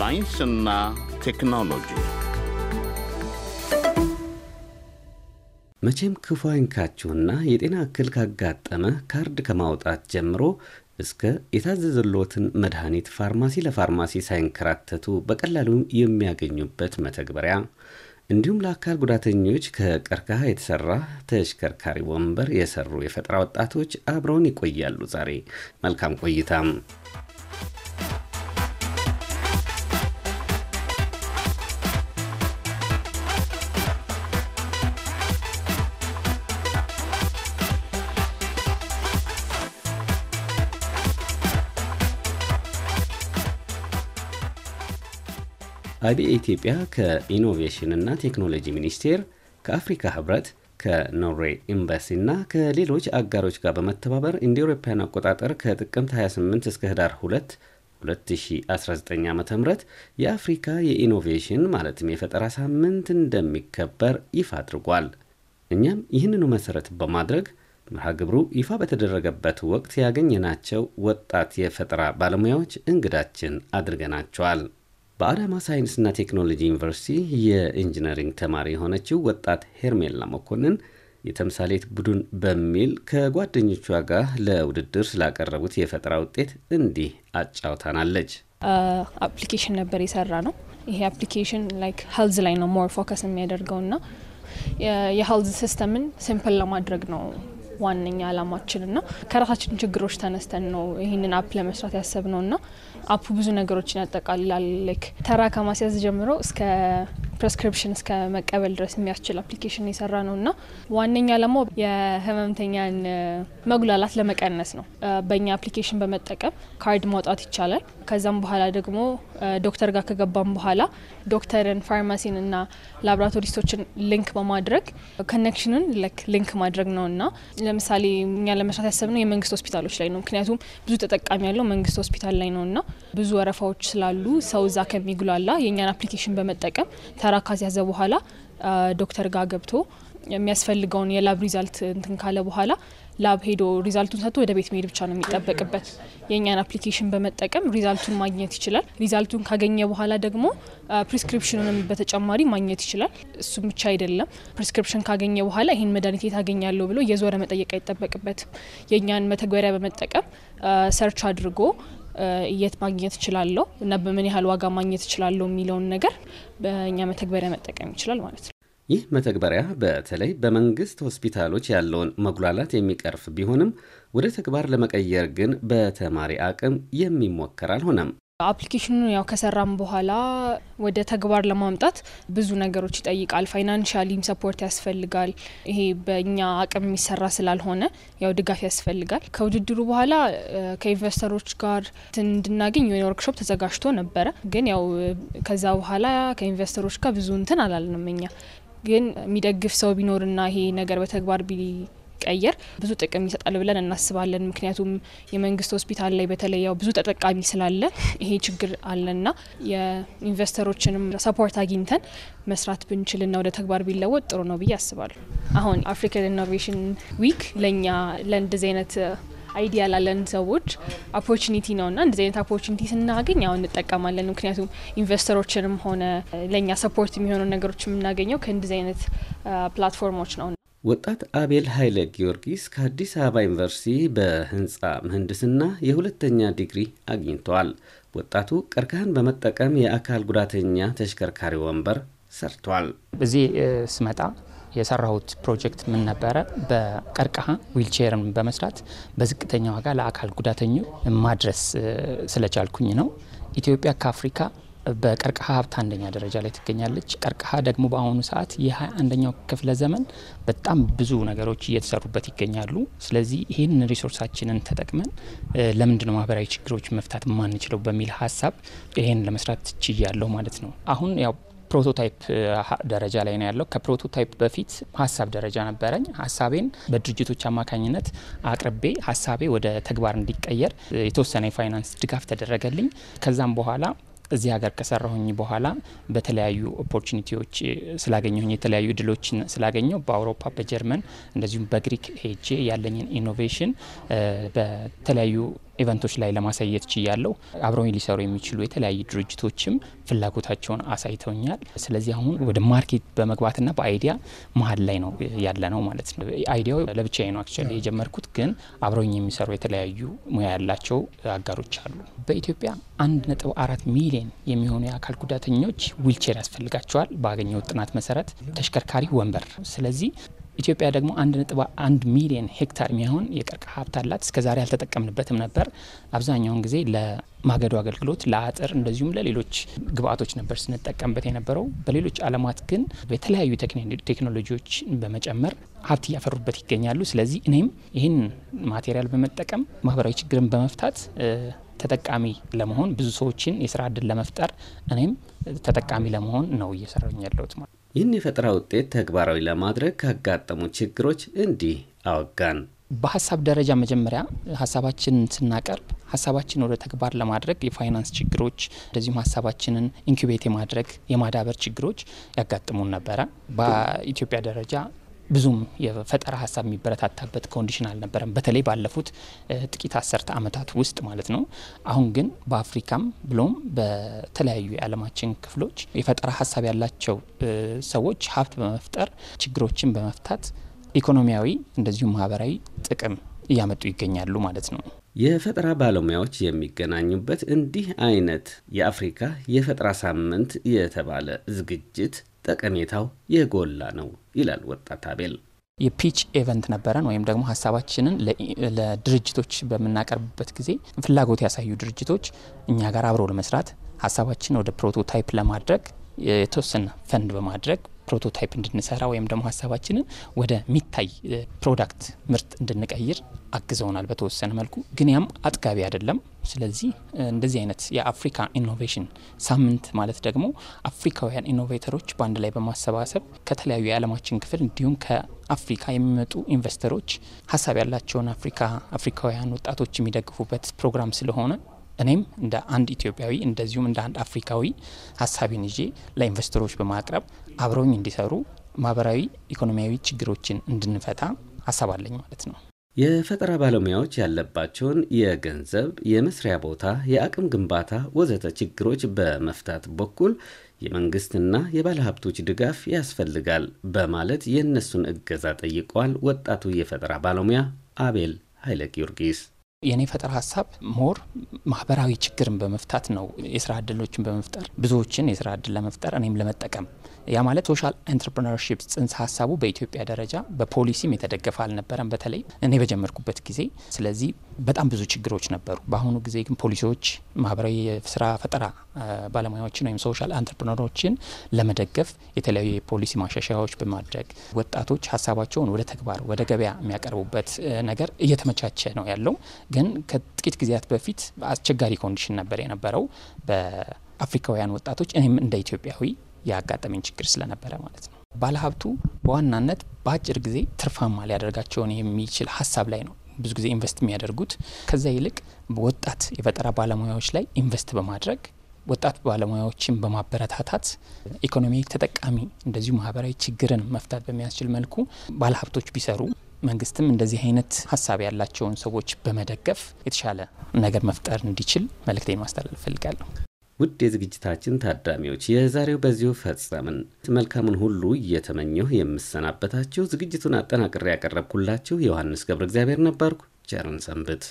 ሳይንስና ቴክኖሎጂ መቼም ክፉ አይንካችሁና የጤና እክል ካጋጠመ ካርድ ከማውጣት ጀምሮ እስከ የታዘዘሎትን መድኃኒት ፋርማሲ ለፋርማሲ ሳይንከራተቱ በቀላሉ የሚያገኙበት መተግበሪያ እንዲሁም ለአካል ጉዳተኞች ከቀርከሃ የተሰራ ተሽከርካሪ ወንበር የሰሩ የፈጠራ ወጣቶች አብረውን ይቆያሉ። ዛሬ መልካም ቆይታም አይቢኤ ኢትዮጵያ ከኢኖቬሽን ከኢኖቬሽንና ቴክኖሎጂ ሚኒስቴር ከአፍሪካ ህብረት ከኖርዌይ ኤምባሲና ከሌሎች አጋሮች ጋር በመተባበር እንደ አውሮፓውያን አቆጣጠር ከጥቅምት 28 እስከ ህዳር 2 2019 ዓ ም የአፍሪካ የኢኖቬሽን ማለትም የፈጠራ ሳምንት እንደሚከበር ይፋ አድርጓል። እኛም ይህንኑ መሰረት በማድረግ መርሃ ግብሩ ይፋ በተደረገበት ወቅት ያገኘናቸው ወጣት የፈጠራ ባለሙያዎች እንግዳችን አድርገናቸዋል። በአዳማ ሳይንስና ቴክኖሎጂ ዩኒቨርሲቲ የኢንጂነሪንግ ተማሪ የሆነችው ወጣት ሄርሜላ መኮንን የተምሳሌት ቡድን በሚል ከጓደኞቿ ጋር ለውድድር ስላቀረቡት የፈጠራ ውጤት እንዲህ አጫውታናለች። አፕሊኬሽን ነበር የሰራ ነው። ይሄ አፕሊኬሽን ላይክ ሀልዝ ላይ ነው ሞር ፎከስ የሚያደርገው ና የሀልዝ ሲስተምን ሲምፕል ለማድረግ ነው ዋነኛ አላማችን ነው። ከራሳችን ችግሮች ተነስተን ነው ይህንን አፕ ለመስራት ያሰብ ነው እና አፑ ብዙ ነገሮችን ያጠቃልላል። ተራ ከማስያዝ ጀምሮ እስከ ፕሬስክሪፕሽን እስከ መቀበል ድረስ የሚያስችል አፕሊኬሽን የሰራ ነው እና ዋነኛ ዓላማው የህመምተኛን መጉላላት ለመቀነስ ነው። በእኛ አፕሊኬሽን በመጠቀም ካርድ ማውጣት ይቻላል። ከዛም በኋላ ደግሞ ዶክተር ጋር ከገባም በኋላ ዶክተርን፣ ፋርማሲን እና ላብራቶሪስቶችን ሊንክ በማድረግ ኮኔክሽንን ሊንክ ማድረግ ነው እና ለምሳሌ እኛ ለመስራት ያሰብነው የመንግስት ሆስፒታሎች ላይ ነው። ምክንያቱም ብዙ ተጠቃሚ ያለው መንግስት ሆስፒታል ላይ ነው እና ብዙ ወረፋዎች ስላሉ ሰው እዛ ከሚጉላላ የእኛን አፕሊኬሽን በመጠቀም ሸረራ ካስያዘ በኋላ ዶክተር ጋር ገብቶ የሚያስፈልገውን የላብ ሪዛልት እንትን ካለ በኋላ ላብ ሄዶ ሪዛልቱን ሰጥቶ ወደ ቤት መሄድ ብቻ ነው የሚጠበቅበት። የእኛን አፕሊኬሽን በመጠቀም ሪዛልቱን ማግኘት ይችላል። ሪዛልቱን ካገኘ በኋላ ደግሞ ፕሪስክሪፕሽኑንም በተጨማሪ ማግኘት ይችላል። እሱም ብቻ አይደለም፣ ፕሪስክሪፕሽን ካገኘ በኋላ ይህን መድኃኒት የታገኛለሁ ብሎ የዞረ መጠየቅ አይጠበቅበትም። የእኛን መተግበሪያ በመጠቀም ሰርች አድርጎ የት ማግኘት እችላለሁ እና በምን ያህል ዋጋ ማግኘት እችላለሁ የሚለውን ነገር በእኛ መተግበሪያ መጠቀም ይችላል ማለት ነው። ይህ መተግበሪያ በተለይ በመንግስት ሆስፒታሎች ያለውን መጉላላት የሚቀርፍ ቢሆንም ወደ ተግባር ለመቀየር ግን በተማሪ አቅም የሚሞከር አልሆነም። አፕሊኬሽኑን ያው ከሰራም በኋላ ወደ ተግባር ለማምጣት ብዙ ነገሮች ይጠይቃል። ፋይናንሻሊም ሰፖርት ያስፈልጋል። ይሄ በእኛ አቅም የሚሰራ ስላልሆነ ያው ድጋፍ ያስፈልጋል። ከውድድሩ በኋላ ከኢንቨስተሮች ጋር እንድናገኝ የሆነ ወርክሾፕ ተዘጋጅቶ ነበረ። ግን ያው ከዛ በኋላ ከኢንቨስተሮች ጋር ብዙ እንትን አላልንም። እኛ ግን የሚደግፍ ሰው ቢኖርና ይሄ ነገር በተግባር ቢ ቢቀየር ብዙ ጥቅም ይሰጣል ብለን እናስባለን። ምክንያቱም የመንግስት ሆስፒታል ላይ በተለይ ያው ብዙ ተጠቃሚ ስላለ ይሄ ችግር አለና የኢንቨስተሮችንም ሰፖርት አግኝተን መስራት ብንችልና ወደ ተግባር ቢለወጥ ጥሩ ነው ብዬ አስባለሁ። አሁን አፍሪካን ኢኖቬሽን ዊክ ለእኛ ለእንደዚህ አይነት አይዲያ ላለን ሰዎች ኦፖርቹኒቲ ነው እና እንደዚህ አይነት ኦፖርቹኒቲ ስናገኝ አሁን እንጠቀማለን። ምክንያቱም ኢንቨስተሮችንም ሆነ ለእኛ ሰፖርት የሚሆኑ ነገሮች የምናገኘው ከእንደዚህ አይነት ፕላትፎርሞች ነው። ወጣት አቤል ኃይለ ጊዮርጊስ ከአዲስ አበባ ዩኒቨርሲቲ በህንፃ ምህንድስና የሁለተኛ ዲግሪ አግኝተዋል። ወጣቱ ቀርከሃን በመጠቀም የአካል ጉዳተኛ ተሽከርካሪ ወንበር ሰርቷል። እዚህ ስመጣ የሰራሁት ፕሮጀክት ምን ነበረ? በቀርከሃ ዊልቼርን በመስራት በዝቅተኛ ዋጋ ለአካል ጉዳተኞች ማድረስ ስለቻልኩኝ ነው። ኢትዮጵያ ከአፍሪካ በቀርቀሃ ሀብት አንደኛ ደረጃ ላይ ትገኛለች። ቀርቀሃ ደግሞ በአሁኑ ሰዓት የሃያ አንደኛው ክፍለ ዘመን በጣም ብዙ ነገሮች እየተሰሩበት ይገኛሉ። ስለዚህ ይህንን ሪሶርሳችንን ተጠቅመን ለምንድን ነው ማህበራዊ ችግሮች መፍታት ማንችለው በሚል ሀሳብ ይህን ለመስራት ችያለሁ ማለት ነው። አሁን ያው ፕሮቶታይፕ ደረጃ ላይ ነው ያለው። ከፕሮቶታይፕ በፊት ሀሳብ ደረጃ ነበረኝ። ሀሳቤን በድርጅቶች አማካኝነት አቅርቤ ሀሳቤ ወደ ተግባር እንዲቀየር የተወሰነ የፋይናንስ ድጋፍ ተደረገልኝ። ከዛም በኋላ እዚህ ሀገር ከሰራሁኝ በኋላ በተለያዩ ኦፖርቹኒቲዎች ስላገኘሁኝ የተለያዩ እድሎችን ስላገኘው በአውሮፓ በጀርመን እንደዚሁም በግሪክ ሄጄ ያለኝን ኢኖቬሽን በተለያዩ ኢቨንቶች ላይ ለማሳየት ችያለው። አብረውኝ ሊሰሩ የሚችሉ የተለያዩ ድርጅቶችም ፍላጎታቸውን አሳይተውኛል። ስለዚህ አሁን ወደ ማርኬት በመግባትና በአይዲያ መሀል ላይ ነው ያለ ነው ማለት ነው። አይዲያው ለብቻዬ ነው አክቹዋሊ የጀመርኩት፣ ግን አብረውኝ የሚሰሩ የተለያዩ ሙያ ያላቸው አጋሮች አሉ። በኢትዮጵያ አንድ ነጥብ አራት ሚሊዮን የሚሆኑ የአካል ጉዳተኞች ዊልቼር ያስፈልጋቸዋል። ባገኘው ጥናት መሰረት ተሽከርካሪ ወንበር። ስለዚህ ኢትዮጵያ ደግሞ አንድ ነጥብ አንድ ሚሊየን ሄክታር የሚሆን የቀርከሃ ሀብት አላት። እስከዛሬ አልተጠቀምንበትም ነበር። አብዛኛውን ጊዜ ለማገዶ አገልግሎት፣ ለአጥር እንደዚሁም ለሌሎች ግብአቶች ነበር ስንጠቀምበት የነበረው። በሌሎች አለማት ግን የተለያዩ ቴክኖሎጂዎች በመጨመር ሀብት እያፈሩበት ይገኛሉ። ስለዚህ እኔም ይህን ማቴሪያል በመጠቀም ማህበራዊ ችግርን በመፍታት ተጠቃሚ ለመሆን ብዙ ሰዎችን የስራ እድል ለመፍጠር እኔም ተጠቃሚ ለመሆን ነው እየሰራኝ ያለሁት ማለት ይህን የፈጠራ ውጤት ተግባራዊ ለማድረግ ካጋጠሙ ችግሮች እንዲህ አወጋን። በሀሳብ ደረጃ መጀመሪያ ሀሳባችንን ስናቀርብ ሀሳባችን ወደ ተግባር ለማድረግ የፋይናንስ ችግሮች እንደዚሁም ሀሳባችንን ኢንኩቤት የማድረግ የማዳበር ችግሮች ያጋጥሙን ነበረ። በኢትዮጵያ ደረጃ ብዙም የፈጠራ ሀሳብ የሚበረታታበት ኮንዲሽን አልነበረም፣ በተለይ ባለፉት ጥቂት አስርተ ዓመታት ውስጥ ማለት ነው። አሁን ግን በአፍሪካም ብሎም በተለያዩ የዓለማችን ክፍሎች የፈጠራ ሀሳብ ያላቸው ሰዎች ሀብት በመፍጠር ችግሮችን በመፍታት ኢኮኖሚያዊ እንደዚሁም ማህበራዊ ጥቅም እያመጡ ይገኛሉ ማለት ነው። የፈጠራ ባለሙያዎች የሚገናኙበት እንዲህ አይነት የአፍሪካ የፈጠራ ሳምንት የተባለ ዝግጅት ጠቀሜታው የጎላ ነው ይላል ወጣት አቤል። የፒች ኤቨንት ነበረን ወይም ደግሞ ሀሳባችንን ለድርጅቶች በምናቀርብበት ጊዜ ፍላጎት ያሳዩ ድርጅቶች እኛ ጋር አብረው ለመስራት ሀሳባችን ወደ ፕሮቶታይፕ ለማድረግ የተወሰነ ፈንድ በማድረግ ፕሮቶታይፕ እንድንሰራ ወይም ደግሞ ሀሳባችንን ወደ ሚታይ ፕሮዳክት ምርት እንድንቀይር አግዘውናል በተወሰነ መልኩ ግን ያም አጥጋቢ አይደለም። ስለዚህ እንደዚህ አይነት የአፍሪካ ኢኖቬሽን ሳምንት ማለት ደግሞ አፍሪካውያን ኢኖቬተሮች በአንድ ላይ በማሰባሰብ ከተለያዩ የዓለማችን ክፍል እንዲሁም ከአፍሪካ የሚመጡ ኢንቨስተሮች ሀሳብ ያላቸውን አፍሪካ አፍሪካውያን ወጣቶች የሚደግፉበት ፕሮግራም ስለሆነ እኔም እንደ አንድ ኢትዮጵያዊ እንደዚሁም እንደ አንድ አፍሪካዊ ሀሳቢን ይዤ ለኢንቨስተሮች በማቅረብ አብረውኝ እንዲሰሩ ማህበራዊ፣ ኢኮኖሚያዊ ችግሮችን እንድንፈታ ሀሳብ አለኝ ማለት ነው። የፈጠራ ባለሙያዎች ያለባቸውን የገንዘብ፣ የመስሪያ ቦታ፣ የአቅም ግንባታ ወዘተ ችግሮች በመፍታት በኩል የመንግስትና የባለሀብቶች ድጋፍ ያስፈልጋል በማለት የእነሱን እገዛ ጠይቀዋል ወጣቱ የፈጠራ ባለሙያ አቤል ኃይለ ጊዮርጊስ። የኔ ፈጠራ ሀሳብ ሞር ማህበራዊ ችግርን በመፍታት ነው። የስራ እድሎችን በመፍጠር ብዙዎችን የስራ እድል ለመፍጠር እኔም ለመጠቀም ያ ማለት ሶሻል ኤንትርፕርነርሺፕ ጽንሰ ሀሳቡ በኢትዮጵያ ደረጃ በፖሊሲም የተደገፈ አልነበረም፣ በተለይ እኔ በጀመርኩበት ጊዜ። ስለዚህ በጣም ብዙ ችግሮች ነበሩ። በአሁኑ ጊዜ ግን ፖሊሲዎች ማህበራዊ የስራ ፈጠራ ባለሙያዎችን ወይም ሶሻል አንትርፕርነሮችን ለመደገፍ የተለያዩ የፖሊሲ ማሻሻያዎች በማድረግ ወጣቶች ሀሳባቸውን ወደ ተግባር ወደ ገበያ የሚያቀርቡበት ነገር እየተመቻቸ ነው ያለው። ግን ከጥቂት ጊዜያት በፊት አስቸጋሪ ኮንዲሽን ነበር የነበረው በአፍሪካውያን ወጣቶች፣ እኔም እንደ ኢትዮጵያዊ ያጋጠመኝ ችግር ስለነበረ ማለት ነው። ባለሀብቱ በዋናነት በአጭር ጊዜ ትርፋማ ሊያደርጋቸውን የሚችል ሀሳብ ላይ ነው ብዙ ጊዜ ኢንቨስት የሚያደርጉት። ከዛ ይልቅ ወጣት የፈጠራ ባለሙያዎች ላይ ኢንቨስት በማድረግ ወጣት ባለሙያዎችን በማበረታታት ኢኮኖሚያዊ ተጠቃሚ እንደዚሁ ማህበራዊ ችግርን መፍታት በሚያስችል መልኩ ባለሀብቶች ቢሰሩ መንግስትም እንደዚህ አይነት ሀሳብ ያላቸውን ሰዎች በመደገፍ የተሻለ ነገር መፍጠር እንዲችል መልእክቴን ማስተላለፍ እፈልጋለሁ። ውድ የዝግጅታችን ታዳሚዎች የዛሬው በዚሁ ፈጸምን። መልካሙን ሁሉ እየተመኘሁ የምሰናበታችሁ ዝግጅቱን አጠናቅሬ ያቀረብኩላችሁ ዮሐንስ ገብረ እግዚአብሔር ነበርኩ። ቸርን ሰንብት።